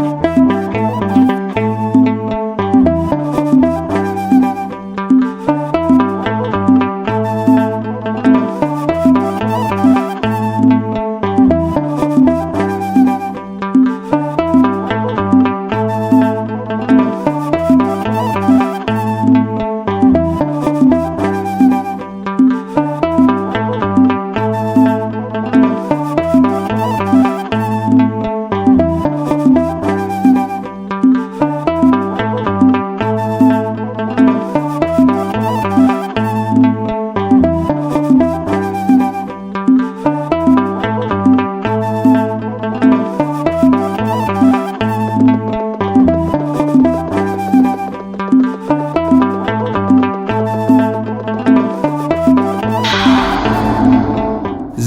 Thank you.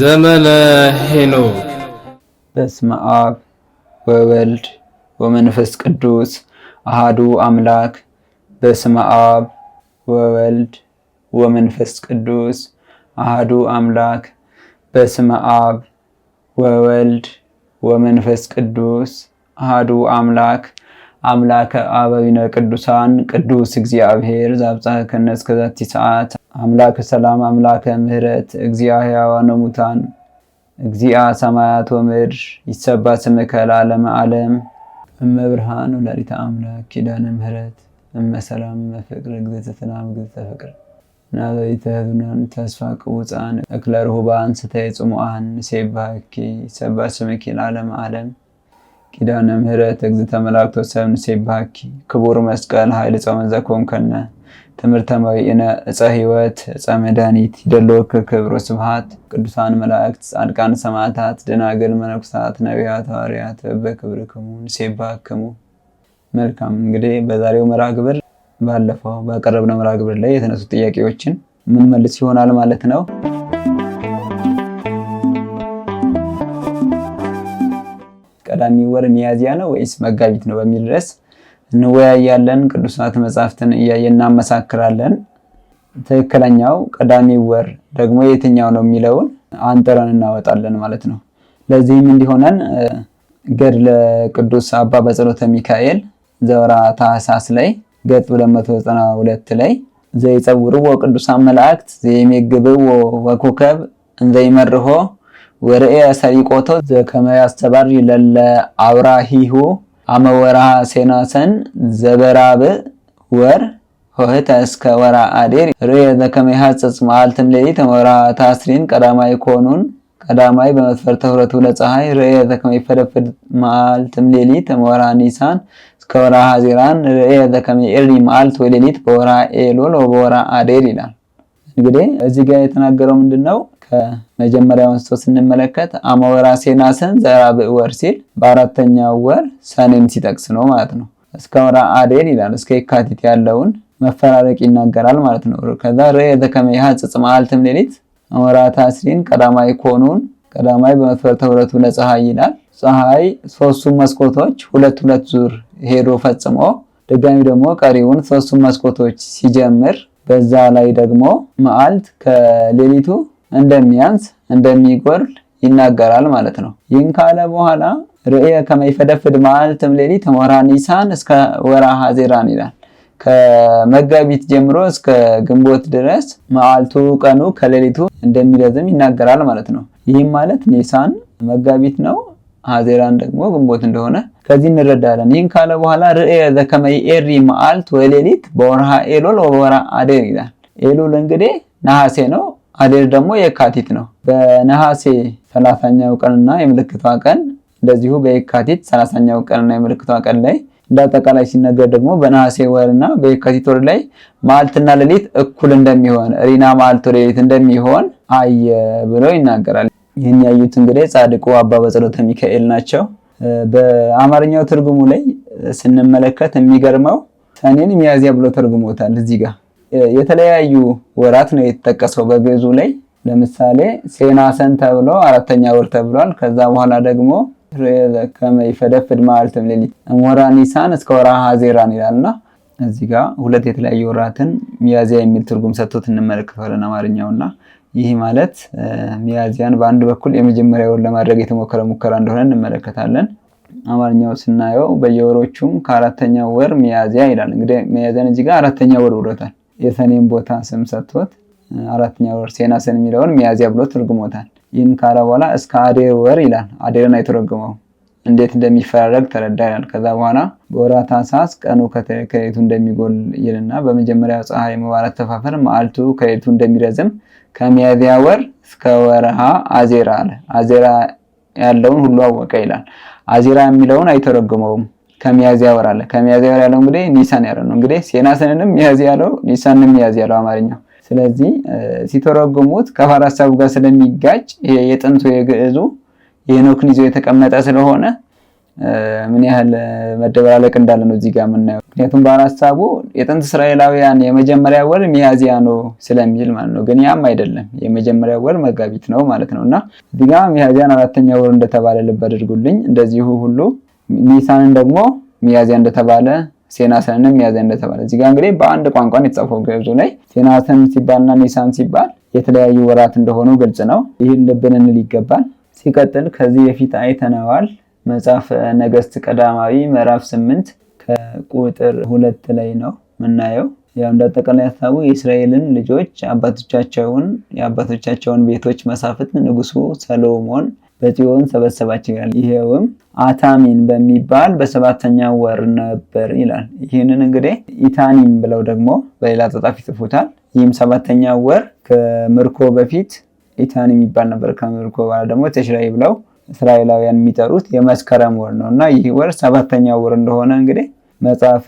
ዘመነ ሄኖክ። በስመ አብ ወወልድ ወመንፈስ ቅዱስ አሃዱ አምላክ። በስመ አብ ወወልድ ወመንፈስ ቅዱስ አሃዱ አምላክ። በስመ አብ ወወልድ ወመንፈስ ቅዱስ አሃዱ አምላክ አምላከ አበዊነ ቅዱሳን ቅዱስ እግዚአብሔር ዘአብጽሐከነ እስከዛቲ ሰዓት አምላክ ሰላም አምላከ ምሕረት እግዚአ ሕያዋነ ሙታን እግዚአ ሰማያት ወምድር ይሰባ ስምከ ለዓለመ ዓለም እመብርሃን ወላዲተ አምላክ ኪዳነ ምሕረት እመሰላም መፍቅር እግዝእትነ ዘትናም እግዝእተ ፍቅር ናዘይተ ህዙናን ተስፋ ቅቡፃን እክለ ርሁባን ስተይ ጽሙዓን ንሴባኪ ይሰባ ስምኪ ለዓለመ ዓለም ኪዳነ ምሕረት እግዝእተ መላእክት ወሰብእ ንሴባኪ ክቡር መስቀል ኃይል ጾመ ዘኮንከነ ትምህርተ መዊዕነ እፀ ሕይወት እፀ መድኃኒት ይደለወከ ክብሮ ስብሃት ቅዱሳን መላእክት፣ ጻድቃን፣ ሰማዕታት፣ ደናግል፣ መነኩሳት፣ ነቢያት፣ ሐዋርያት በክብርክሙ ንሴብሐክሙ። መልካም እንግዲህ በዛሬው መርሃ ግብር ባለፈው ባቀረብነው መርሃ ግብር ላይ የተነሱ ጥያቄዎችን ምንመልስ ይሆናል ማለት ነው። ቀዳሚ ወር ሚያዝያ ነው ወይስ መጋቢት ነው በሚል ድረስ እንወያያለን፣ ቅዱሳት መጽሐፍትን እያየን እናመሳክራለን። ትክክለኛው ቀዳሚ ወር ደግሞ የትኛው ነው የሚለውን አንጥረን እናወጣለን ማለት ነው። ለዚህም እንዲሆነን ገድለ ቅዱስ አባ በጸሎተ ሚካኤል ዘወራ ታህሳስ ላይ ገጽ 292 ላይ ዘይጸውርዎ ቅዱሳን መላእክት ዘይሜግብዎ ወኮከብ እንዘይመርሆ ወርእየ ሰሪቆቶ ዘከመ ያስተባሪ ለለ አብራሂሁ አመወርሃ ሴናሰን ዘበራብ ወር ሆህተ እስከ ወራ አዴር ርእየ ዘከመ ይሃጽጽ መዓልትም ሌሊት ወርሃ ታስሪን ቀዳማይ ኮኑን ቀዳማይ በመትፈርተ ኅሩቱ ለፀሐይ ርእየ ዘከመ ይፈለፍድ መዓልትም ሌሊት ወርሃ ኒሳን እስከ ወርሃ ዜራን ርእየ ዘከመ ይዕሪ መዓልት ወሌሊት በወርሃ ኤሎል ወበወርሃ አዴር ይላል። እንግዲህ እዚህ ጋር የተናገረው ምንድን ነው? መጀመሪያውን አንስቶ ስንመለከት አሞራ ሴናሰን ዘራ ወር ሲል በአራተኛው ወር ሰኔን ሲጠቅስ ነው ማለት ነው። እስከ ወራ ይላል። እስከ የካቲት ያለውን መፈራረቅ ይናገራል ማለት ነው። ከዛ ርእ የተከመያ ጽጽ መዓልትም ሌሊት አሞራ ታስሪን ቀዳማይ ኮኑን ቀዳማይ በመትፈርተ ሁለቱ ለፀሐይ ይላል። ፀሐይ ሶስቱን መስኮቶች ሁለት ሁለት ዙር ሄዶ ፈጽሞ ድጋሚ ደግሞ ቀሪውን ሶስቱን መስኮቶች ሲጀምር በዛ ላይ ደግሞ መዓልት ከሌሊቱ እንደሚያንስ እንደሚጎርል ይናገራል ማለት ነው። ይህን ካለ በኋላ ርእየ ከመይፈደፍድ መዓልትም ሌሊት ወርሃ ኒሳን እስከ ወርሃ ሀዜራን ይላል። ከመጋቢት ጀምሮ እስከ ግንቦት ድረስ መዓልቱ ቀኑ ከሌሊቱ እንደሚረዝም ይናገራል ማለት ነው። ይህም ማለት ኒሳን መጋቢት ነው፣ ሀዜራን ደግሞ ግንቦት እንደሆነ ከዚህ እንረዳለን። ይህን ካለ በኋላ ርእየ ዘከመይ ኤሪ መዓልት ወሌሊት በወርሃ ኤሎል ወበወርሃ አዴር ይላል። ኤሎል እንግዲህ ነሐሴ ነው። አዴር ደግሞ የካቲት ነው። በነሐሴ ሰላሳኛው ቀንና የምልክቷ ቀን እንደዚሁ በየካቲት ሰላሳኛው ቀንና የምልክቷ ቀን ላይ እንዳጠቃላይ ሲነገር ደግሞ በነሐሴ ወርና በየካቲት ወር ላይ ማልትና ሌሊት እኩል እንደሚሆን ሪና ማልት ሌሊት እንደሚሆን አየ ብሎ ይናገራል። ይህን ያዩት እንግዲህ ጻድቁ አባ በጸሎተ ሚካኤል ናቸው። በአማርኛው ትርጉሙ ላይ ስንመለከት የሚገርመው ሰኔን ሚያዝያ ብሎ ተርጉሞታል እዚህ ጋር የተለያዩ ወራት ነው የተጠቀሰው በግዕዙ ላይ። ለምሳሌ ሴናሰን ተብሎ አራተኛ ወር ተብሏል። ከዛ በኋላ ደግሞ ከመ ይፈደፍድ መዓልትም ሌሊት እምወራ ኒሳን እስከ ሀዜራን ይላል ይላልና እዚህ ጋ ሁለት የተለያዩ ወራትን ሚያዚያ የሚል ትርጉም ሰጥቶት እንመለከታለን አማርኛውና ይህ ማለት ሚያዚያን በአንድ በኩል ወር ለማድረግ የተሞከረ ሙከራ እንደሆነ እንመለከታለን። አማርኛው ስናየው በየወሮቹም ከአራተኛው ወር ሚያዚያ ይላል። እንግዲህ ሚያዚያን እዚህ አራተኛ ወር ብሎታል። የሰኔን ቦታ ስም ሰጥቶት አራተኛ ወር ሰን የሚለውን ሚያዚያ ብሎ ትርጉሞታል። ይህን ካለ በኋላ እስከ አዴር ወር ይላል። አዴርን አይተረጉመው እንዴት እንደሚፈራረግ ተረዳ ይላል። ከዛ በኋላ በወራት ታኅሳስ ቀኑ ከሌሊቱ እንደሚጎል ይልና በመጀመሪያው ፀሐይ መባላት ተፋፈር መዓልቱ ከሌሊቱ እንደሚረዝም ከሚያዚያ ወር እስከ ወረሃ አዜራ አለ። አዜራ ያለውን ሁሉ አወቀ ይላል። አዜራ የሚለውን አይተረጉመውም። ከሚያዝያ ወር አለ። ከሚያዝያ ወር ያለው እንግዲህ ኒሳን ያለው ነው። እንግዲህ ሴናስንንም ሚያዝያ ያለው ኒሳንንም ሚያዝያ ያለው አማርኛው። ስለዚህ ሲተረጉሙት ከፋር ሀሳቡ ጋር ስለሚጋጭ ይሄ የጥንቱ የግዕዙ የሄኖክን ይዞ የተቀመጠ ስለሆነ ምን ያህል መደበላለቅ እንዳለ ነው እዚህ ጋር የምናየው። ምክንያቱም በአር ሀሳቡ የጥንት እስራኤላውያን የመጀመሪያ ወር ሚያዝያ ነው ስለሚል ማለት ነው። ግን ያም አይደለም የመጀመሪያ ወር መጋቢት ነው ማለት ነው እና እዚህ ሚያዝያን አራተኛ ወር እንደተባለ ልብ አድርጉልኝ። እንደዚሁ ሁሉ ኒሳንን ደግሞ ሚያዚያ እንደተባለ ሴናሰንንም ሚያዚያ እንደተባለ እዚጋ እንግዲህ በአንድ ቋንቋ የተጻፈው። ግዕዙ ላይ ሴናሰን ሲባልና ኒሳን ሲባል የተለያዩ ወራት እንደሆኑ ግልጽ ነው። ይህን ልብን እንል ይገባል። ሲቀጥል ከዚህ በፊት አይተነዋል። መጽሐፍ ነገስት ቀዳማዊ ምዕራፍ ስምንት ከቁጥር ሁለት ላይ ነው የምናየው። ያው እንዳጠቃላይ ሀሳቡ የእስራኤልን ልጆች አባቶቻቸውን የአባቶቻቸውን ቤቶች መሳፍት ንጉሱ ሰሎሞን በጽዮን ሰበሰባቸው ይላል። ይሄውም አታሚን በሚባል በሰባተኛ ወር ነበር ይላል። ይህንን እንግዲህ ኢታኒም ብለው ደግሞ በሌላ ተጣፊ ጽፉታል። ይህም ሰባተኛ ወር ከምርኮ በፊት ኢታኒም የሚባል ነበር። ከምርኮ በኋላ ደግሞ ተሽራይ ብለው እስራኤላውያን የሚጠሩት የመስከረም ወር ነው እና ይህ ወር ሰባተኛ ወር እንደሆነ እንግዲህ መጽሐፈ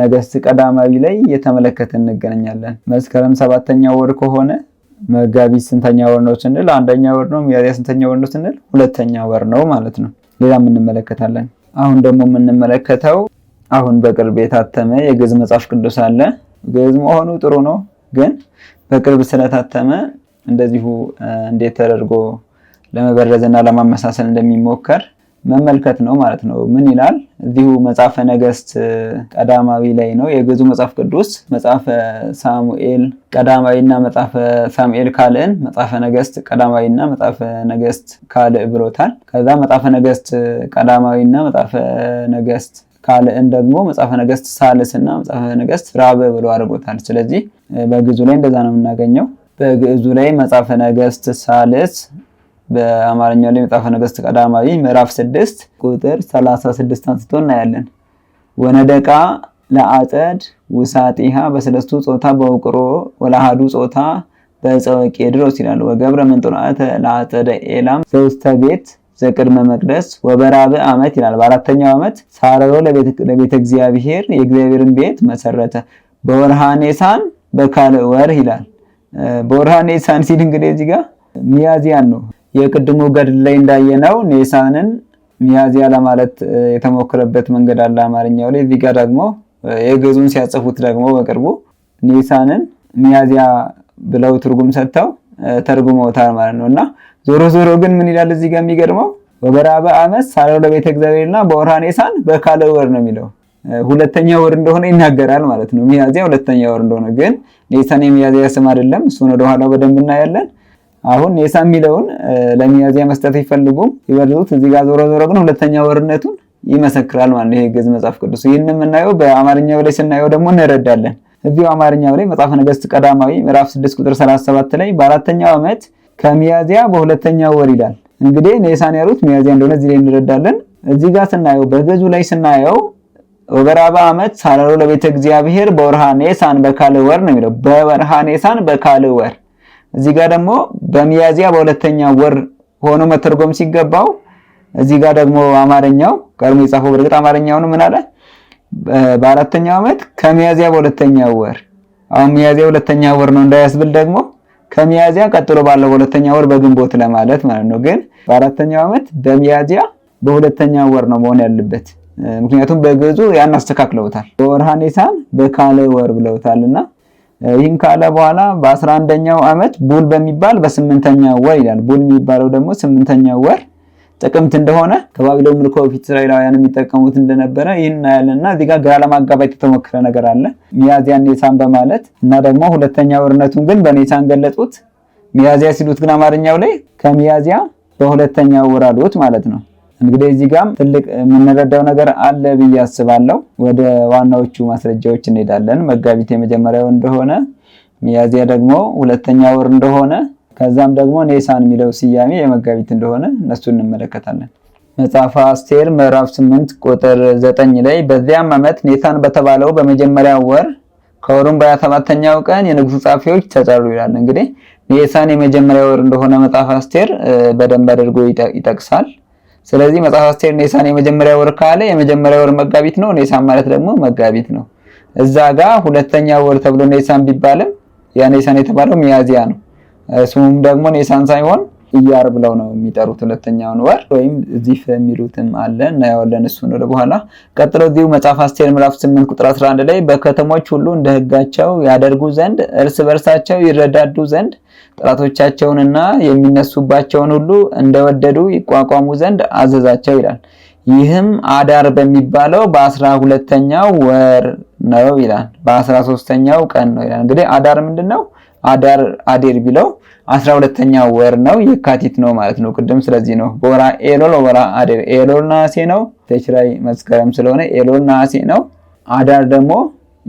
ነገስት ቀዳማዊ ላይ እየተመለከተ እንገናኛለን። መስከረም ሰባተኛ ወር ከሆነ መጋቢት ስንተኛ ወር ነው ስንል አንደኛ ወር ነው። ሚያዝያ ስንተኛ ወር ነው ስንል ሁለተኛ ወር ነው ማለት ነው። ሌላ እንመለከታለን። አሁን ደግሞ የምንመለከተው አሁን በቅርብ የታተመ የግዕዝ መጽሐፍ ቅዱስ አለ። ግዕዝ መሆኑ ጥሩ ነው፣ ግን በቅርብ ስለታተመ እንደዚሁ እንዴት ተደርጎ ለመበረዝ እና ለማመሳሰል እንደሚሞከር መመልከት ነው ማለት ነው። ምን ይላል እዚሁ መጽሐፈ ነገስት ቀዳማዊ ላይ ነው የግዕዙ መጽሐፍ ቅዱስ መጽሐፈ ሳሙኤል ቀዳማዊና መጽሐፈ ሳሙኤል ካልዕን መጽሐፈ ነገስት ቀዳማዊና መጽሐፈ ነገስት ካልዕ ብሎታል። ከዛ መጽሐፈ ነገስት ቀዳማዊና መጽሐፈ ነገስት ካልእን ደግሞ መጽሐፈ ነገስት ሳልስና መጽሐፈ ነገስት ራበ ብሎ አድርጎታል። ስለዚህ በግዕዙ ላይ እንደዛ ነው የምናገኘው። በግዕዙ ላይ መጽሐፈ ነገስት ሳልስ በአማርኛው ላይ መጽሐፈ ነገስት ቀዳማዊ ምዕራፍ 6 ቁጥር 36 አንስቶ እናያለን። ወነደቃ ለአጸድ ውሳጢሃ በሰለስቱ ጾታ በውቅሮ ወለአሐዱ ጾታ በዕፀወ ቄድሮስ ይላል። ወገብረ ምንጦላዕተ ለአጸደ ኤላም ዘውስተ ቤት ዘቅድመ መቅደስ ወበራብ ዓመት ይላል። በአራተኛው ዓመት ሳረሮ ለቤተ እግዚአብሔር የእግዚአብሔርን ቤት መሰረተ። በወርሃ ኔሳን በካልእ ወር ይላል። በወርሃ ኔሳን ሲል እንግዲህ እዚህ ጋር ሚያዝያን ነው። የቅድሙ ገድል ላይ እንዳየነው ኔሳንን ሚያዚያ ለማለት የተሞከረበት መንገድ አለ አማርኛው ላይ። እዚህ ደግሞ የግዕዙን ሲያጽፉት ደግሞ በቅርቡ ኔሳንን ሚያዚያ ብለው ትርጉም ሰጥተው ተርጉመውታል ማለት ነው። እና ዞሮ ዞሮ ግን ምን ይላል እዚህ ጋር የሚገርመው በበራበ ዓመት ሳለው ለቤተ እግዚአብሔርና በወርሃ ኔሳን በካለ ወር ነው የሚለው ሁለተኛ ወር እንደሆነ ይናገራል ማለት ነው። ሚያዚያ ሁለተኛ ወር እንደሆነ ግን ኔሳን የሚያዚያ ስም አይደለም። እሱን ወደኋላ በደንብ እናያለን። አሁን የሳ የሚለውን ለሚያዝያ መስጠት ይፈልጉም ይበልጡት እዚህ ጋር ዞሮ ዞሮ ግን ሁለተኛ ወርነቱን ይመሰክራል ማለት ነው። ይሄ ግዕዝ መጽሐፍ ቅዱስ ይህን የምናየው በአማርኛው ላይ ስናየው ደግሞ እንረዳለን። እዚሁ አማርኛው ላይ መጽሐፈ ነገሥት ቀዳማዊ ምዕራፍ 6 ቁጥር 37 ላይ በአራተኛው ዓመት ከሚያዚያ በሁለተኛ ወር ይላል። እንግዲህ ኔሳን ያሉት ሚያዚያ እንደሆነ እዚህ ላይ እንረዳለን። እዚህ ጋር ስናየው በግዕዙ ላይ ስናየው ወበራባ ዓመት ሳረሩ ለቤተ እግዚአብሔር በወርሃ ኔሳን በካል ወር ነው የሚለው። በወርሃ ኔሳን በካል ወር እዚህ ጋር ደግሞ በሚያዚያ በሁለተኛ ወር ሆኖ መተርጎም ሲገባው እዚህ ጋር ደግሞ አማርኛው ቀድሞ የጻፈው በእርግጥ አማርኛውን ምን አለ? በአራተኛው ዓመት ከሚያዚያ በሁለተኛ ወር። አሁን ሚያዚያ ሁለተኛ ወር ነው እንዳያስብል ደግሞ ከሚያዚያ ቀጥሎ ባለው በሁለተኛ ወር በግንቦት ለማለት ማለት ነው። ግን በአራተኛው ዓመት በሚያዚያ በሁለተኛ ወር ነው መሆን ያለበት። ምክንያቱም በግዕዙ ያን አስተካክለውታል። በወርሃ ኒሳን በካለ ወር ብለውታልና ይህን ካለ በኋላ በአስራ አንደኛው ዓመት ቡል በሚባል በስምንተኛው ወር ይላል። ቡል የሚባለው ደግሞ ስምንተኛው ወር ጥቅምት እንደሆነ ከባቢሎን ምልኮ በፊት እስራኤላውያን የሚጠቀሙት እንደነበረ ይህን እናያለን እና እዚህ ጋር ግራ ለማጋባት የተሞከረ ነገር አለ። ሚያዚያን ኔሳን በማለት እና ደግሞ ሁለተኛ ወርነቱን ግን በኔሳን ገለጡት። ሚያዚያ ሲሉት ግን አማርኛው ላይ ከሚያዚያ በሁለተኛው ወር አሉት ማለት ነው። እንግዲህ እዚህ ጋም ትልቅ የምንረዳው ነገር አለ ብዬ አስባለሁ። ወደ ዋናዎቹ ማስረጃዎች እንሄዳለን። መጋቢት የመጀመሪያው እንደሆነ፣ ሚያዚያ ደግሞ ሁለተኛ ወር እንደሆነ፣ ከዛም ደግሞ ኔሳን የሚለው ስያሜ የመጋቢት እንደሆነ እነሱ እንመለከታለን። መጽሐፈ አስቴር ምዕራፍ 8 ቁጥር 9 ላይ በዚያም ዓመት ኔሳን በተባለው በመጀመሪያው ወር ከወሩም በ 27 ቀን የንጉሱ ጻፊዎች ተጠሩ ይላል። እንግዲህ ኔሳን የመጀመሪያ ወር እንደሆነ መጽሐፈ አስቴር በደንብ አድርጎ ይጠቅሳል። ስለዚህ መጽሐፍ አስቴር ኔሳን የመጀመሪያ ወር ካለ የመጀመሪያ ወር መጋቢት ነው። ኔሳን ማለት ደግሞ መጋቢት ነው። እዛ ጋ ሁለተኛ ወር ተብሎ ኔሳን ቢባልም ያ ኔሳን የተባለው ሚያዚያ ነው። እሱም ደግሞ ኔሳን ሳይሆን እያር ብለው ነው የሚጠሩት ሁለተኛውን ወር ወይም ዚፍ የሚሉትም አለ እናየዋለን። እሱን ወደ በኋላ ቀጥሎ እዚሁ መጽሐፍ አስቴር ምዕራፍ 8 ቁጥር 11 ላይ በከተሞች ሁሉ እንደ ህጋቸው ያደርጉ ዘንድ እርስ በርሳቸው ይረዳዱ ዘንድ ጠላቶቻቸውንና የሚነሱባቸውን ሁሉ እንደወደዱ ይቋቋሙ ዘንድ አዘዛቸው ይላል። ይህም አዳር በሚባለው በአስራ ሁለተኛው ወር ነው ይላል። በአስራ ሶስተኛው ቀን ነው ይላል። እንግዲህ አዳር ምንድን ነው? አዳር አዴር ቢለው አስራ ሁለተኛ ወር ነው የካቲት ነው ማለት ነው። ቅድም ስለዚህ ነው በወራ ኤሎል ወራ አዴር ኤሎል ነሐሴ ነው። ተችራይ መስከረም ስለሆነ ኤሎል ነሐሴ ነው። አዳር ደግሞ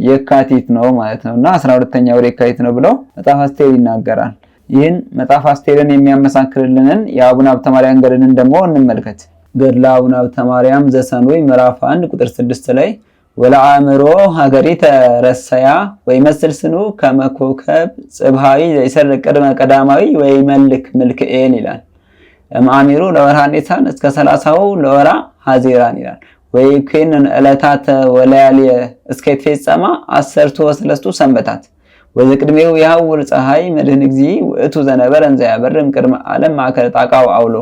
የካቲት ነው ማለት ነው እና አስራ ሁለተኛ ወር የካቲት ነው ብለው መጽሐፍ አስቴር ይናገራል። ይህን መጽሐፍ አስቴርን የሚያመሳክርልንን የአቡነ ሀብተ ማርያም ገድልን ደግሞ እንመልከት። ገድለ አቡነ ሀብተ ማርያም ዘሰኑይ ምዕራፍ አንድ ቁጥር ስድስት ላይ ወለአእምሮ ሀገሪተ ረሰያ ወይመስል ስኑ ከመኮከብ ጽብሃዊ ዘይሰር ቅድመ ቀዳማዊ ወይመልክ ምልክኤን ይላል። እምአሚሩ ለወርሃ ኒሳን እስከ ሰላሳው ለወራ ሀዜራን ይላል። ወይኮንን ዕለታተ ወለያልየ እስከ ይትፌጸማ አሰርቱ ወሰለስቱ ሰንበታት ወዚ ቅድሜው ያውር ፀሐይ መድህን እግዚእ ውእቱ ዘነበረ እንዘ ያበርም ቅድመ ዓለም ማእከለ ጣቃው አውሎ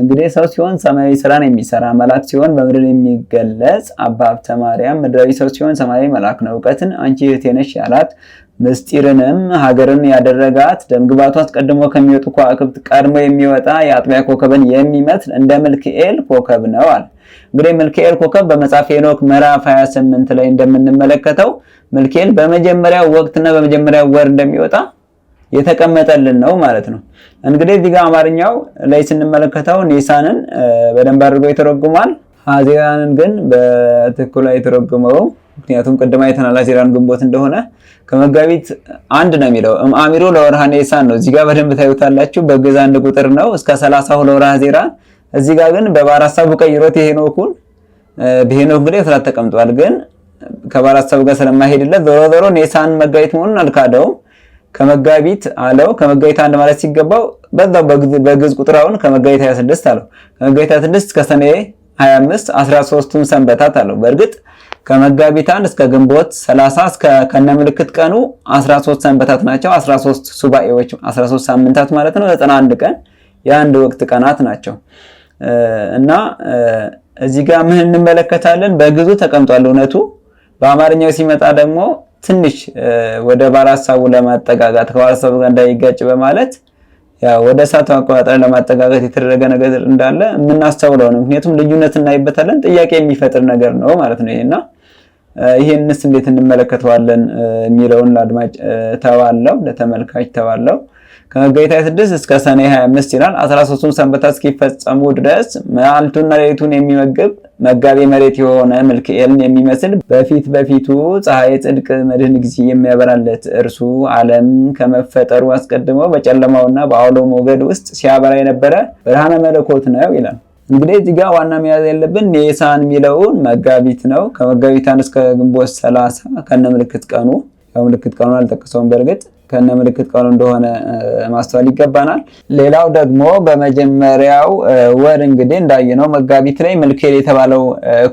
እንግዲህ ሰው ሲሆን ሰማያዊ ስራን የሚሰራ መልአክ ሲሆን በምድር የሚገለጽ አባ ሀብተ ማርያም ምድራዊ ሰው ሲሆን ሰማያዊ መልአክ ነው። እውቀትን አንቺ እህቴ ነሽ ያላት ምስጢርንም ሀገርን ያደረጋት ደምግባቱ አስቀድሞ ከሚወጡ ከዋክብት ቀድሞ የሚወጣ የአጥቢያ ኮከብን የሚመትል እንደ ምልክኤል ኮከብ ነው አለ። እንግዲህ ምልክኤል ኮከብ በመጽሐፍ ሄኖክ ምዕራፍ 28 ላይ እንደምንመለከተው ምልክኤል በመጀመሪያው ወቅትና በመጀመሪያው ወር እንደሚወጣ የተቀመጠልን ነው ማለት ነው። እንግዲህ እዚህ ጋር አማርኛው ላይ ስንመለከተው ኒሳንን በደንብ አድርጎ የተረጉሟል። ሀዜራንን ግን በትክክል የተረጉመው ምክንያቱም ቅድማ የተናል ሀዜራን ግንቦት እንደሆነ ከመጋቢት አንድ ነው የሚለው አሚሮ ለወርሃ ኒሳን ነው። እዚህ ጋር በደንብ ታዩታላችሁ። በግዕዝ አንድ ቁጥር ነው እስከ ሰላሳ ለወርሃ ሀዜራን። እዚህ ጋር ግን በባሕረ ሀሳቡ ቀይሮት የሄኖኩን በሄኖክ እንግዲህ ስላት ተቀምጧል። ግን ከባሕረ ሀሳቡ ጋር ስለማይሄድለት ዞሮ ዞሮ ኒሳን መጋቢት መሆኑን አልካደውም። ከመጋቢት አለው ከመጋቢት አንድ ማለት ሲገባው በዛው በግዕዝ አሁን ከመጋቢት 26 አለው ከመጋቢት 26 እስከ ሰኔ 25 13ቱን ሰንበታት አለው። በእርግጥ ከመጋቢት አንድ እስከ ግንቦት 30 እስከ ከነ ምልክት ቀኑ 13 ሰንበታት ናቸው። 13 ሱባኤዎች 13 ሳምንታት ማለት ነው። 91 ቀን የአንድ ወቅት ቀናት ናቸው እና እዚህ ጋር ምን እንመለከታለን? በግዕዙ ተቀምጧል እውነቱ። በአማርኛው ሲመጣ ደግሞ ትንሽ ወደ ባለሀሳቡ ለማጠጋጋት ሀሳቡ ጋር እንዳይጋጭ በማለት ያው ወደ እሳት ማቆጣጠር ለማጠጋጋት የተደረገ ነገር እንዳለ የምናስተውለው ነው። ምክንያቱም ልዩነት እናይበታለን፣ ጥያቄ የሚፈጥር ነገር ነው ማለት ነው። ይሄና ይሄንስ እንዴት እንመለከተዋለን የሚለውን ለአድማጭ ተባለው ለተመልካች ተባለው ከመጋቢት 26 እስከ ሰኔ 25 ይላል 13ቱም ሰንበታት እስኪፈጸሙ ድረስ መዓልቱና ሌሊቱን የሚመግብ መጋቢ መሬት የሆነ ኤልን የሚመስል በፊት በፊቱ ፀሐይ ጽድቅ መድህን ጊዜ የሚያበራለት እርሱ ዓለም ከመፈጠሩ አስቀድሞ በጨለማውና በአውሎ ሞገድ ውስጥ ሲያበራ የነበረ ብርሃነ መለኮት ነው ይላል። እንግዲህ እዚህ ጋር ዋና መያዝ ያለብን ኔሳን የሚለውን መጋቢት ነው። ከመጋቢት አንድ እስከ ግንቦት ሰላሳ ከነ ምልክት ቀኑ ያው ምልክት ቀኑን አልጠቀሰውም በእርግጥ ከነ ምልክት ቃሉ እንደሆነ ማስተዋል ይገባናል። ሌላው ደግሞ በመጀመሪያው ወር እንግዲህ እንዳየነው መጋቢት ላይ መልኬል የተባለው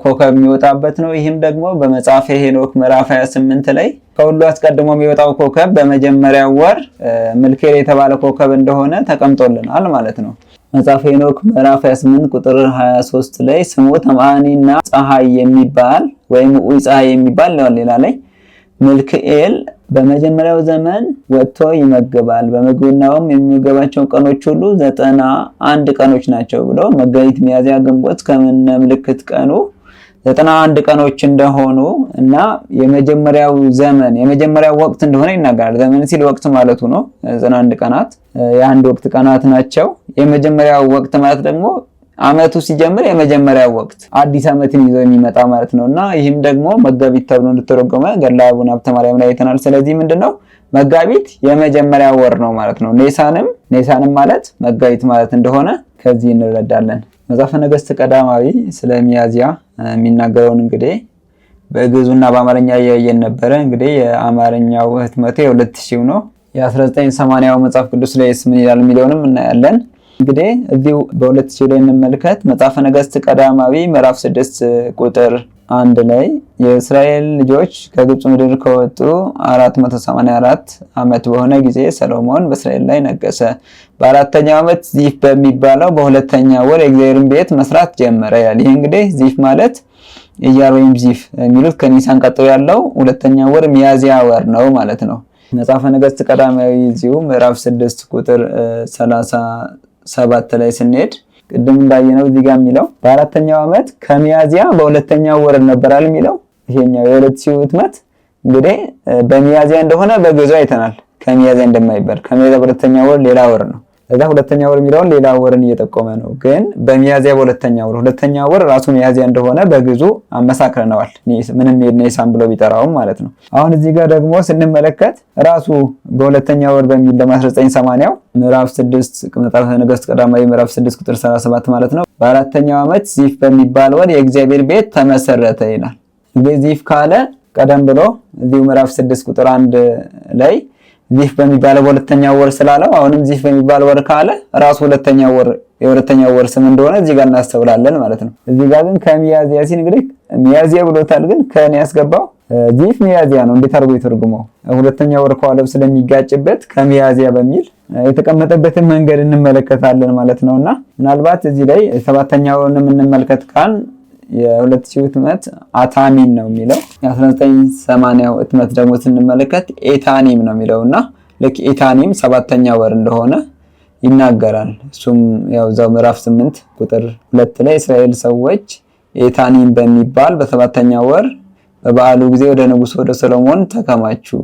ኮከብ የሚወጣበት ነው። ይህም ደግሞ በመጽሐፈ ሄኖክ ምዕራፍ 28 ላይ ከሁሉ አስቀድሞ የሚወጣው ኮከብ በመጀመሪያው ወር መልኬል የተባለ ኮከብ እንደሆነ ተቀምጦልናል ማለት ነው። መጽሐፈ ሄኖክ ምዕራፍ 28 ቁጥር 23 ላይ ስሙ ተማኒና ፀሐይ የሚባል ወይም ፀሐይ የሚባል ሌላ ላይ ምልክኤል በመጀመሪያው ዘመን ወጥቶ ይመግባል በምግብናውም የሚመገባቸው ቀኖች ሁሉ ዘጠና አንድ ቀኖች ናቸው ብሎ መጋቢት፣ ሚያዝያ፣ ግንቦት ከምነ ምልክት ቀኑ ዘጠና አንድ ቀኖች እንደሆኑ እና የመጀመሪያው ዘመን የመጀመሪያው ወቅት እንደሆነ ይናገራል። ዘመን ሲል ወቅት ማለቱ ነው። ዘጠና አንድ ቀናት የአንድ ወቅት ቀናት ናቸው። የመጀመሪያው ወቅት ማለት ደግሞ አመቱ ሲጀምር የመጀመሪያ ወቅት አዲስ አመትን ይዞ የሚመጣ ማለት ነው እና ይህም ደግሞ መጋቢት ተብሎ እንደተረጎመ ገድለ አቡነ ሀብተ ማርያም ላይ አይተናል። ስለዚህ ምንድን ነው መጋቢት የመጀመሪያ ወር ነው ማለት ነው። ኔሳንም ኔሳንም ማለት መጋቢት ማለት እንደሆነ ከዚህ እንረዳለን። መጽሐፈ ነገስት ቀዳማዊ ስለ ሚያዝያ የሚናገረውን እንግዲህ በግዕዙና በአማርኛ እያየን ነበረ። እንግዲህ የአማርኛው ህትመቴ የሁለት ሺው ነው። የ1980 መጽሐፍ ቅዱስ ላይ ምን ይላል የሚለውንም እናያለን። እንግዲህ እዚሁ በሁለት ሺህ ላይ እንመልከት። መጽሐፈ ነገስት ቀዳማዊ ምዕራፍ ስድስት ቁጥር አንድ ላይ የእስራኤል ልጆች ከግብፅ ምድር ከወጡ 484 ዓመት በሆነ ጊዜ ሰሎሞን በእስራኤል ላይ ነገሰ። በአራተኛው ዓመት ዚፍ በሚባለው በሁለተኛ ወር የእግዚአብሔርን ቤት መስራት ጀመረ ይላል። ይህ እንግዲህ ዚፍ ማለት እያር ወይም ዚፍ የሚሉት ከኒሳን ቀጥሎ ያለው ሁለተኛ ወር ሚያዝያ ወር ነው ማለት ነው። መጽሐፈ ነገስት ቀዳማዊ እዚሁ ምዕራፍ 6 ቁጥር 30 ሰባት ላይ ስንሄድ ቅድም እንዳየነው እዚህ ጋር የሚለው በአራተኛው ዓመት ከሚያዚያ በሁለተኛው ወር ነበራል የሚለው ይሄኛው የሁለት ሺው ህትመት እንግዲህ በሚያዚያ እንደሆነ በግዕዙ አይተናል። ከሚያዚያ እንደማይበር ከሚያዚያ በሁለተኛ ወር ሌላ ወር ነው። ከዛ ሁለተኛ ወር የሚለውን ሌላ ወርን እየጠቆመ ነው። ግን በሚያዚያ በሁለተኛ ወር ሁለተኛ ወር ራሱ ሚያዚያ እንደሆነ በግዙ አመሳክረነዋል። ምንም ኔሳን ብሎ ቢጠራውም ማለት ነው። አሁን እዚህ ጋር ደግሞ ስንመለከት ራሱ በሁለተኛ ወር በሚል ለ19 ምዕራፍ 6 መጽሐፈ ነገሥት ቀዳማዊ ምዕራፍ 6 ቁጥር 37 ማለት ነው። በአራተኛው ዓመት ዚፍ በሚባል ወር የእግዚአብሔር ቤት ተመሰረተ ይላል። እንግዲህ ዚፍ ካለ ቀደም ብሎ እዚሁ ምዕራፍ 6 ቁጥር 1 ላይ ዚፍ በሚባለው በሁለተኛው ወር ስላለው አሁንም ዚፍ በሚባል ወር ካለ ራሱ ሁለተኛው ወር የሁለተኛው ወር ስም እንደሆነ እዚህ ጋር እናስተውላለን ማለት ነው። እዚህ ጋር ግን ከሚያዝያ ሲል እንግዲህ ሚያዚያ ብሎታል፣ ግን ከን ያስገባው ዚፍ ሚያዚያ ነው። እንዴት አድርጎ ይተርጉመው? ሁለተኛ ወር ከዋለው ስለሚጋጭበት ከሚያዚያ በሚል የተቀመጠበትን መንገድ እንመለከታለን ማለት ነውና ምናልባት እዚህ ላይ ሰባተኛውንም እንመልከት ካን የሁለት ሺህ ህትመት አታሚን ነው የሚለው። የ1980 ህትመት ደግሞ ስንመለከት ኤታኒም ነው የሚለው እና ልክ ኤታኒም ሰባተኛ ወር እንደሆነ ይናገራል። እሱም ያው እዛው ምዕራፍ ስምንት ቁጥር ሁለት ላይ እስራኤል ሰዎች ኤታኒም በሚባል በሰባተኛ ወር በበዓሉ ጊዜ ወደ ንጉሱ ወደ ሰሎሞን ተከማችሁ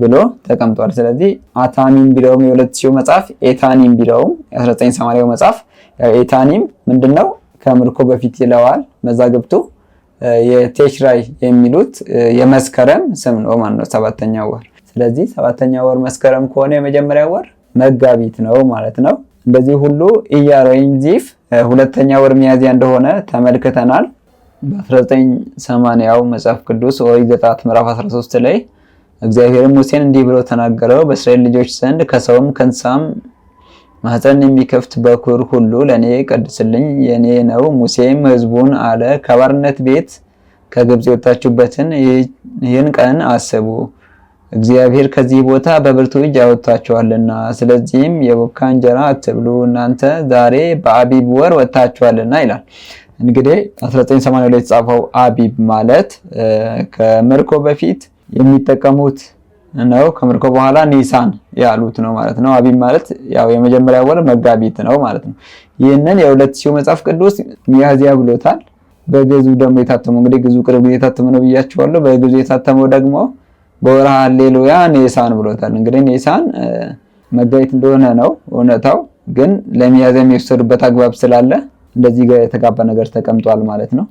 ብሎ ተቀምጧል። ስለዚህ አታሚም ቢለውም የሁለት ሺው መጽሐፍ ኤታኒም ቢለውም የ1980 መጽሐፍ ኤታኒም ምንድን ነው ከምርኮ በፊት ይለዋል መዛግብቱ። የቴሽራይ የሚሉት የመስከረም ስም ነው ማለት ነው፣ ሰባተኛ ወር። ስለዚህ ሰባተኛ ወር መስከረም ከሆነ የመጀመሪያ ወር መጋቢት ነው ማለት ነው። እንደዚህ ሁሉ ኢያር ወይም ዚፍ ሁለተኛ ወር ሚያዝያ እንደሆነ ተመልክተናል። በ1980ው መጽሐፍ ቅዱስ ኦሪት ዘጸአት ምዕራፍ 13 ላይ እግዚአብሔርም ሙሴን እንዲህ ብሎ ተናገረው፣ በእስራኤል ልጆች ዘንድ ከሰውም ከእንስሳም ማህፀን የሚከፍት በኩር ሁሉ ለእኔ ቀድስልኝ የእኔ ነው። ሙሴም ህዝቡን አለ ከባርነት ቤት ከግብፅ የወጣችሁበትን ይህን ቀን አስቡ፣ እግዚአብሔር ከዚህ ቦታ በብርቱ እጅ ያወጥታችኋልና። ስለዚህም የቦካ እንጀራ አትብሉ፣ እናንተ ዛሬ በአቢብ ወር ወጥታችኋልና ይላል። እንግዲህ 1982 የተጻፈው አቢብ ማለት ከምርኮ በፊት የሚጠቀሙት ነው ከምርኮ በኋላ ኒሳን ያሉት ነው ማለት ነው። አቢብ ማለት ያው የመጀመሪያው ወር መጋቢት ነው ማለት ነው። ይህንን የሁለት ሺው መጽሐፍ ቅዱስ ሚያዝያ ብሎታል። በግዙ ደግሞ የታተመው እንግዲህ ግዕዙ ቅርብ ጊዜ የታተመ ነው ብያችኋለሁ። በግዕዙ የታተመው ደግሞ በወርሃ ሃሌሉያ ኔሳን ብሎታል። እንግዲህ ኔሳን መጋቢት እንደሆነ ነው እውነታው፣ ግን ለሚያዝያ የሚወሰዱበት አግባብ ስላለ እንደዚህ ጋር የተጋባ ነገር ተቀምጧል ማለት ነው።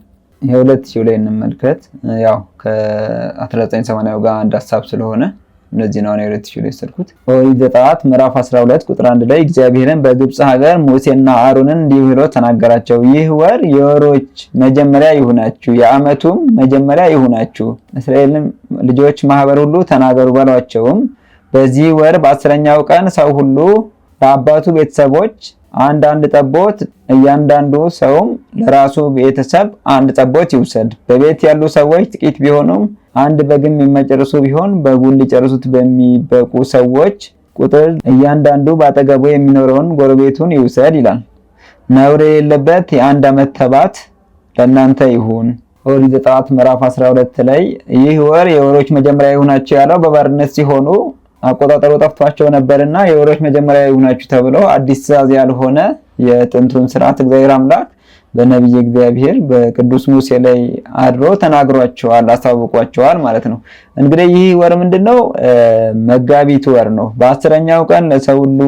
የሁለት ሺው ላይ እንመልከት። ያው ከ1980 ጋር አንድ ሀሳብ ስለሆነ እነዚህን አሁን የሁለት ላይ የወሰድኩት ኦሪት ዘጸአት ምዕራፍ 12 ቁጥር አንድ ላይ እግዚአብሔርን በግብፅ ሀገር ሙሴና አሮንን እንዲህ ብሎ ተናገራቸው። ይህ ወር የወሮች መጀመሪያ ይሁናችሁ፣ የአመቱም መጀመሪያ ይሁናችሁ። እስራኤልም ልጆች ማህበር ሁሉ ተናገሩ በሏቸውም። በዚህ ወር በአስረኛው ቀን ሰው ሁሉ በአባቱ ቤተሰቦች አንዳንድ ጠቦት እያንዳንዱ ሰውም ለራሱ ቤተሰብ አንድ ጠቦት ይውሰድ። በቤት ያሉ ሰዎች ጥቂት ቢሆኑም አንድ በግም የማይጨርሱ ቢሆን በጉን ሊጨርሱት በሚበቁ ሰዎች ቁጥር እያንዳንዱ በአጠገቡ የሚኖረውን ጎረቤቱን ይውሰድ ይላል። ነውር የሌለበት የአንድ ዓመት ተባት ለእናንተ ይሁን። ኦሪት ዘጸአት ምዕራፍ 12 ላይ ይህ ወር የወሮች መጀመሪያ ይሁናቸው ያለው በባርነት ሲሆኑ አቆጣጠሩ ጠፍቷቸው ነበርና የወሮች መጀመሪያ ይሁናችሁ ተብሎ አዲስ ትእዛዝ ያልሆነ የጥንቱን ስርዓት እግዚአብሔር አምላክ በነቢይ እግዚአብሔር በቅዱስ ሙሴ ላይ አድሮ ተናግሯቸዋል፣ አሳውቋቸዋል ማለት ነው። እንግዲህ ይህ ወር ምንድነው? መጋቢት ወር ነው። በአስረኛው ቀን ለሰው ሁሉ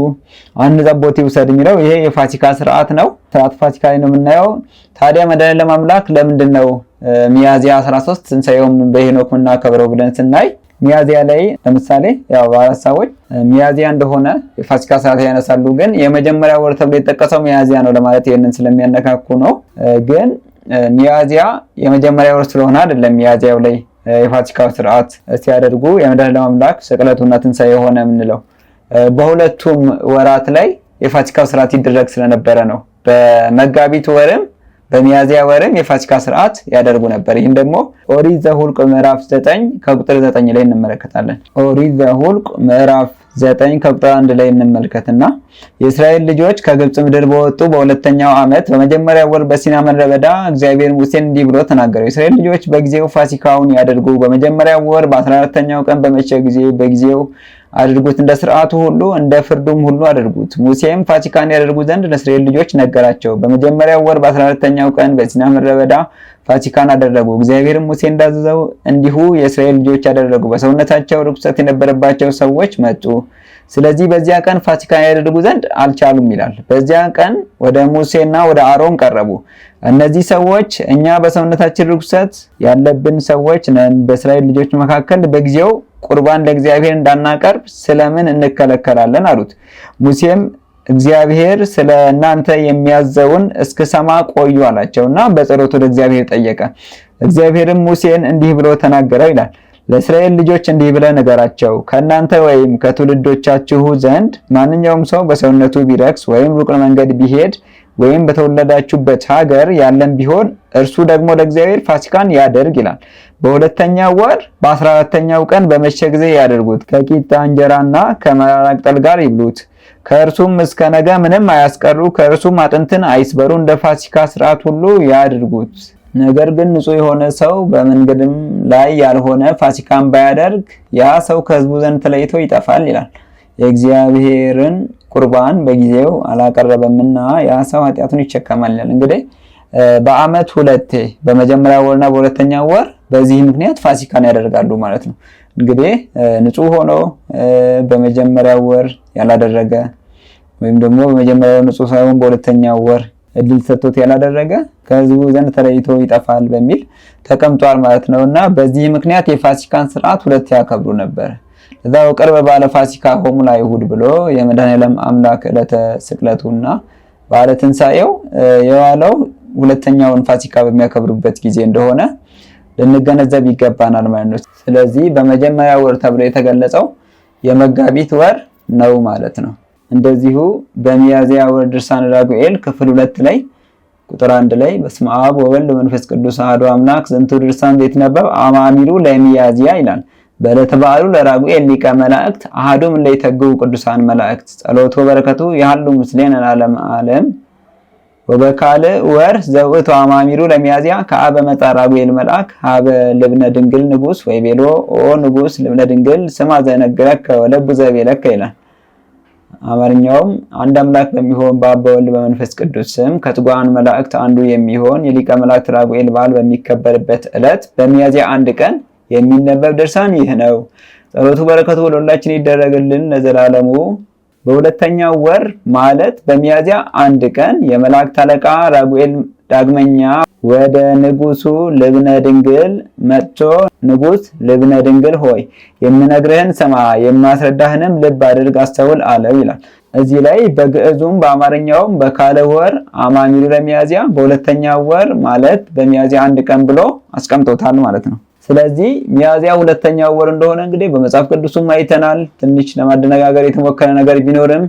አንድ ጠቦት ይውሰድ የሚለው ይሄ የፋሲካ ስርዓት ነው። ስርዓት ፋሲካ ላይ ነው የምናየው። ታዲያ መድኃኔዓለም አምላክ ለምንድን ነው ሚያዝያ 13 ትንሣኤውን በሄኖክ ምናከብረው ብለን ስናይ ሚያዚያ ላይ ለምሳሌ ያው አራት ሰዎች ሚያዚያ እንደሆነ ፋሲካ ሰዓት ያነሳሉ። ግን የመጀመሪያ ወር ተብሎ የተጠቀሰው ሚያዚያ ነው ለማለት ይህንን ስለሚያነካኩ ነው። ግን ሚያዚያ የመጀመሪያ ወር ስለሆነ አይደለም ሚያዚያው ላይ የፋሲካ ስርዓት ሲያደርጉ የመድኃኔዓለም አምላክ ስቅለቱና ትንሳኤ የሆነ የምንለው በሁለቱም ወራት ላይ የፋሲካው ስርዓት ይደረግ ስለነበረ ነው። በመጋቢት ወርም በሚያዝያ ወርም የፋሲካ ስርዓት ያደርጉ ነበር። ይህም ደግሞ ኦሪት ዘሁልቅ ምዕራፍ 9 ከቁጥር 9 ላይ እንመለከታለን። ኦሪት ዘሁልቅ ምዕራፍ 9 ከቁጥር 1 ላይ እንመልከትና የእስራኤል ልጆች ከግብፅ ምድር በወጡ በሁለተኛው ዓመት በመጀመሪያ ወር በሲና ምድረ በዳ እግዚአብሔር ሙሴን እንዲህ ብሎ ተናገረው። የእስራኤል ልጆች በጊዜው ፋሲካውን ያደርጉ በመጀመሪያ ወር በ14ተኛው ቀን በመሸ ጊዜ በጊዜው አድርጉት እንደ ስርዓቱ ሁሉ እንደ ፍርዱም ሁሉ አድርጉት። ሙሴም ፋሲካን ያደርጉ ዘንድ ለእስራኤል ልጆች ነገራቸው። በመጀመሪያው ወር በአስራ አራተኛው ቀን በሲና ምድረ በዳ ፋሲካን አደረጉ። እግዚአብሔርም ሙሴ እንዳዘዘው እንዲሁ የእስራኤል ልጆች አደረጉ። በሰውነታቸው ርኩሰት የነበረባቸው ሰዎች መጡ። ስለዚህ በዚያ ቀን ፋሲካ ያደርጉ ዘንድ አልቻሉም ይላል። በዚያ ቀን ወደ ሙሴና ወደ አሮን ቀረቡ። እነዚህ ሰዎች እኛ በሰውነታችን ርኩሰት ያለብን ሰዎች ነን፣ በእስራኤል ልጆች መካከል በጊዜው ቁርባን ለእግዚአብሔር እንዳናቀርብ ስለምን እንከለከላለን? አሉት። ሙሴም እግዚአብሔር ስለ እናንተ የሚያዘውን እስክሰማ ቆዩ አላቸውና በጸሎት ወደ እግዚአብሔር ጠየቀ። እግዚአብሔርም ሙሴን እንዲህ ብሎ ተናገረው ይላል ለእስራኤል ልጆች እንዲህ ብለህ ንገራቸው፣ ከእናንተ ወይም ከትውልዶቻችሁ ዘንድ ማንኛውም ሰው በሰውነቱ ቢረክስ ወይም ሩቅ መንገድ ቢሄድ ወይም በተወለዳችሁበት ሀገር ያለን ቢሆን እርሱ ደግሞ ለእግዚአብሔር ፋሲካን ያደርግ ይላል። በሁለተኛው ወር በአስራ አራተኛው ቀን በመሸ ጊዜ ያደርጉት። ከቂጣ እንጀራና ከመራራ ቅጠል ጋር ይብሉት። ከእርሱም እስከ ነገ ምንም አያስቀሩ። ከእርሱም አጥንትን አይስበሩ። እንደ ፋሲካ ስርዓት ሁሉ ያድርጉት። ነገር ግን ንጹህ የሆነ ሰው በመንገድም ላይ ያልሆነ ፋሲካን ባያደርግ ያ ሰው ከህዝቡ ዘንድ ተለይቶ ይጠፋል ይላል። የእግዚአብሔርን ቁርባን በጊዜው አላቀረበምና ያ ሰው ኃጢአቱን ይቸከማል ይላል። እንግዲህ በአመት ሁለቴ በመጀመሪያ ወርና በሁለተኛ ወር በዚህ ምክንያት ፋሲካን ያደርጋሉ ማለት ነው። እንግዲህ ንጹህ ሆኖ በመጀመሪያ ወር ያላደረገ ወይም ደግሞ በመጀመሪያ ንጹህ ሳይሆን በሁለተኛ ወር እድል ሰጥቶት ያላደረገ ከህዝቡ ዘንድ ተለይቶ ይጠፋል በሚል ተቀምጧል ማለት ነው እና በዚህ ምክንያት የፋሲካን ስርዓት ሁለት ያከብሩ ነበር። እዛ ቅርብ ባለ ፋሲካ ሆሙላ ይሁድ ብሎ የመድኃኔዓለም አምላክ ዕለተ ስቅለቱና በዓለ ትንሣኤው የዋለው ሁለተኛውን ፋሲካ በሚያከብሩበት ጊዜ እንደሆነ ልንገነዘብ ይገባናል ማለት ነው። ስለዚህ በመጀመሪያ ወር ተብሎ የተገለጸው የመጋቢት ወር ነው ማለት ነው። እንደዚሁ በሚያዝያ ወር ድርሳን ራጉኤል ክፍል ሁለት ላይ ቁጥር አንድ ላይ በስመ አብ ወወልድ ወመንፈስ ቅዱስ አሐዱ አምላክ ዘንቱ ድርሳን ዘይትነበብ አማሚሩ ለሚያዝያ ይላል። በዕለተ በዓሉ ለራጉኤል ሊቀ መላእክት አሐዱ እምለይተግቡ ቅዱሳን መላእክት ጸሎቱ በረከቱ ያሉ ምስሌን ዓለም ዓለም ወበካል ወር ዘውእቱ አማሚሩ ለሚያዝያ ከአበ መጣ ራጉኤል መልአክ ሀበ ልብነ ድንግል ንጉስ ወይ ቤሎ ኦ ንጉስ ልብነ ድንግል ስማ ዘነግረከ ወለቡ ዘቤለከ ይላል። አማርኛውም አንድ አምላክ በሚሆን በአብ በወልድ በመንፈስ ቅዱስ ስም ከትጉሃን መላእክት አንዱ የሚሆን የሊቀ መላእክት ራጉኤል በዓል በሚከበርበት ዕለት በሚያዝያ አንድ ቀን የሚነበብ ድርሳን ይህ ነው። ጸሎቱ በረከቱ ለሁላችን ይደረግልን ለዘላለሙ። በሁለተኛው ወር ማለት በሚያዝያ አንድ ቀን የመላእክት አለቃ ራጉኤል ዳግመኛ ወደ ንጉሱ ልብነ ድንግል መጥቶ ንጉስ ልብነ ድንግል ሆይ የምነግርህን ስማ የማስረዳህንም ልብ አድርግ አስተውል አለው ይላል። እዚህ ላይ በግዕዙም በአማርኛውም በካለ ወር አማሚሉ ለሚያዚያ በሁለተኛ ወር ማለት በሚያዚያ አንድ ቀን ብሎ አስቀምጦታል ማለት ነው። ስለዚህ ሚያዚያ ሁለተኛ ወር እንደሆነ እንግዲህ በመጽሐፍ ቅዱስም አይተናል። ትንሽ ለማደነጋገር የተሞከረ ነገር ቢኖርም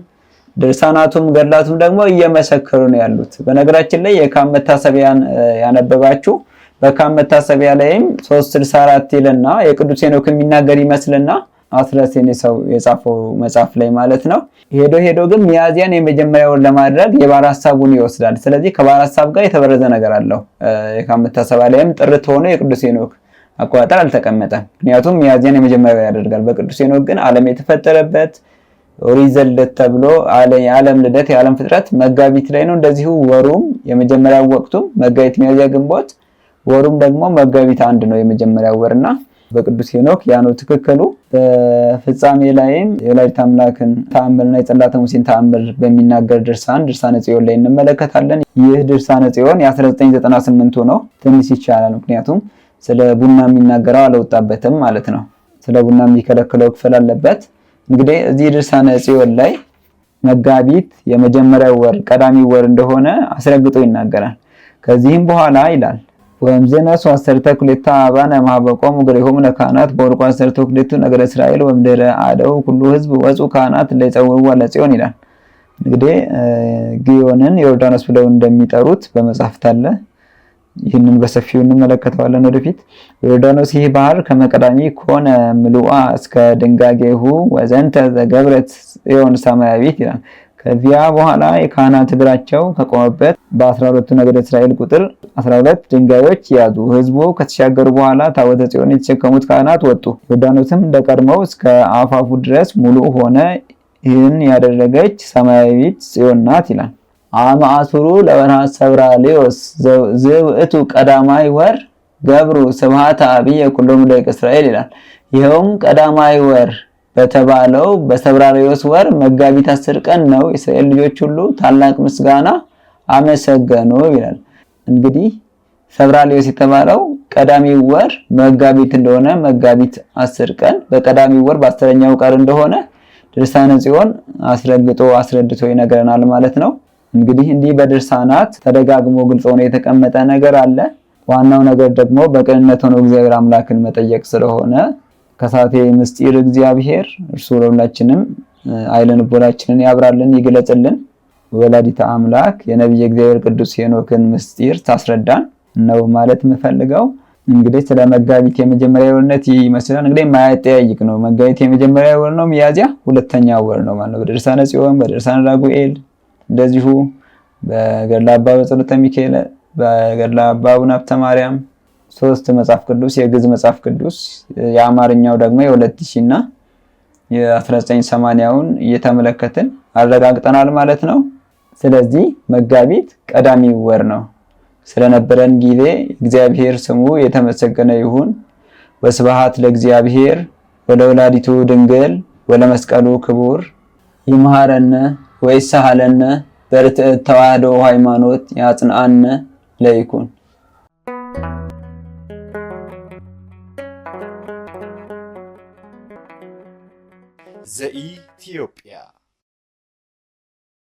ድርሳናቱም ገድላቱም ደግሞ እየመሰከሩ ነው ያሉት። በነገራችን ላይ የካም መታሰቢያን ያነበባችሁ በካም መታሰቢያ ላይም አራት ይልና የቅዱስ ሄኖክ የሚናገር ይመስልና አስረሴን ሰው የጻፈው መጽሐፍ ላይ ማለት ነው። ሄዶ ሄዶ ግን ሚያዝያን የመጀመሪያውን ለማድረግ የባር ሀሳቡን ይወስዳል። ስለዚህ ከባህር ሀሳብ ጋር የተበረዘ ነገር አለው። የካም መታሰቢያ ላይም ጥርት ሆኖ የቅዱስ ሄኖክ አቆጣጠር አልተቀመጠም። ምክንያቱም ሚያዝያን የመጀመሪያው ያደርጋል። በቅዱስ ሄኖክ ግን ዓለም የተፈጠረበት ኦሪት ተብሎ የዓለም ልደት የዓለም ፍጥረት መጋቢት ላይ ነው። እንደዚሁ ወሩም የመጀመሪያ ወቅቱም መጋቢት፣ ሚያዝያ፣ ግንቦት ወሩም ደግሞ መጋቢት አንድ ነው የመጀመሪያ ወርና በቅዱስ ሄኖክ ያ ነው ትክክሉ። በፍጻሜ ላይም የወላዲተ አምላክን ተአምልና የጽላተ ሙሴን ተአምር በሚናገር ድርሳን ድርሳነ ጽዮን ላይ እንመለከታለን። ይህ ድርሳነ ጽዮን የ1998ቱ ነው። ትንሽ ይቻላል፣ ምክንያቱም ስለ ቡና የሚናገረው አለወጣበትም ማለት ነው። ስለ ቡና የሚከለክለው ክፍል አለበት። እንግዲህ እዚህ ድርሳነ ጽዮን ላይ መጋቢት የመጀመሪያው ወር ቀዳሚ ወር እንደሆነ አስረግጦ ይናገራል። ከዚህም በኋላ ይላል ወይም ወእምዝነሱ አሰርተ ኩሌታ አባነ ማህበቆሙ እግሬሆሙ ካህናት በወርቁ አሰርተ ኩሌቱ ነገረ እስራኤል ወእምድኅረ አድኅዉ ኩሉ ሕዝብ ወፁ ካህናት ለይጸውርዋ ለጽዮን ይላል። እንግዲህ ግዮንን ዮርዳኖስ ብለው እንደሚጠሩት በመጽሐፍት አለ። ይህንን በሰፊው እንመለከተዋለን ወደፊት። ዮርዳኖስ ይህ ባህር ከመቀዳሚ ከሆነ ምልዋ እስከ ድንጋጌሁ ወዘንተ ዘገብረት ጽዮን ሰማያዊት ይላል። ከዚያ በኋላ የካህናት እግራቸው ከቆመበት በ12ቱ ነገደ እስራኤል ቁጥር 12 ድንጋዮች ያዙ። ህዝቡ ከተሻገሩ በኋላ ታቦተ ጽዮን የተሸከሙት ካህናት ወጡ። ዮርዳኖስም እንደቀድመው እስከ አፋፉ ድረስ ሙሉ ሆነ። ይህን ያደረገች ሰማያዊት ጽዮን ናት ይላል። አማሱሩ ለወርሃ ሰብራ ሊዮስ ዝውእቱ ቀዳማይ ወር ገብሩ ስብሃት አብየ ኩሎም ደቂቀ እስራኤል ይላል። ይኸውም ቀዳማይ ወር በተባለው በሰብራሊዮስ ወር መጋቢት አስር ቀን ነው። የእስራኤል ልጆች ሁሉ ታላቅ ምስጋና አመሰገኑ ይላል። እንግዲህ ሰብራሪዮስ የተባለው ቀዳሚው ወር መጋቢት እንደሆነ መጋቢት አስር ቀን በቀዳሚው ወር በአስረኛው ቀን እንደሆነ ድርሳነ ጽዮን አስረግጦ አስረድቶ ይነግረናል ማለት ነው። እንግዲህ እንዲህ በድርሳናት ተደጋግሞ ግልጽ ሆኖ የተቀመጠ ነገር አለ። ዋናው ነገር ደግሞ በቅንነት ሆኖ እግዚአብሔር አምላክን መጠየቅ ስለሆነ ከሳቴ ምስጢር እግዚአብሔር እርሱ ለሁላችንም አይለ ልቦናችንን ያብራልን ይግለጽልን። ወላዲተ አምላክ የነቢይ እግዚአብሔር ቅዱስ ሄኖክን ምስጢር ታስረዳን ነው ማለት የምፈልገው። እንግዲህ ስለ መጋቢት የመጀመሪያ ወርነት ይመስላል። እንግዲህ ማያጠያይቅ ነው። መጋቢት የመጀመሪያ ወር ነው። ሚያዝያ ሁለተኛ ወር ነው ማለት ነው። በድርሳነ ጽዮን፣ በድርሳነ ራጉኤል እንደዚሁ በገድለ አባ በጸሎተ ሚካኤል በገድለ አባ አቡነ ሀብተ ማርያም ሶስት መጽሐፍ ቅዱስ የግዕዝ መጽሐፍ ቅዱስ የአማርኛው ደግሞ የሁለት ሺህ እና የ1980ውን እየተመለከትን አረጋግጠናል ማለት ነው። ስለዚህ መጋቢት ቀዳሚ ወር ነው። ስለነበረን ጊዜ እግዚአብሔር ስሙ የተመሰገነ ይሁን። ወስብሐት ለእግዚአብሔር ወለወላዲቱ ድንግል ወለመስቀሉ ክቡር ይምሃረነ ወይሳሃለነ በርትዕት ተዋህዶ ሃይማኖት ያጽንአነ ለይኩን ዘኢትዮጵያ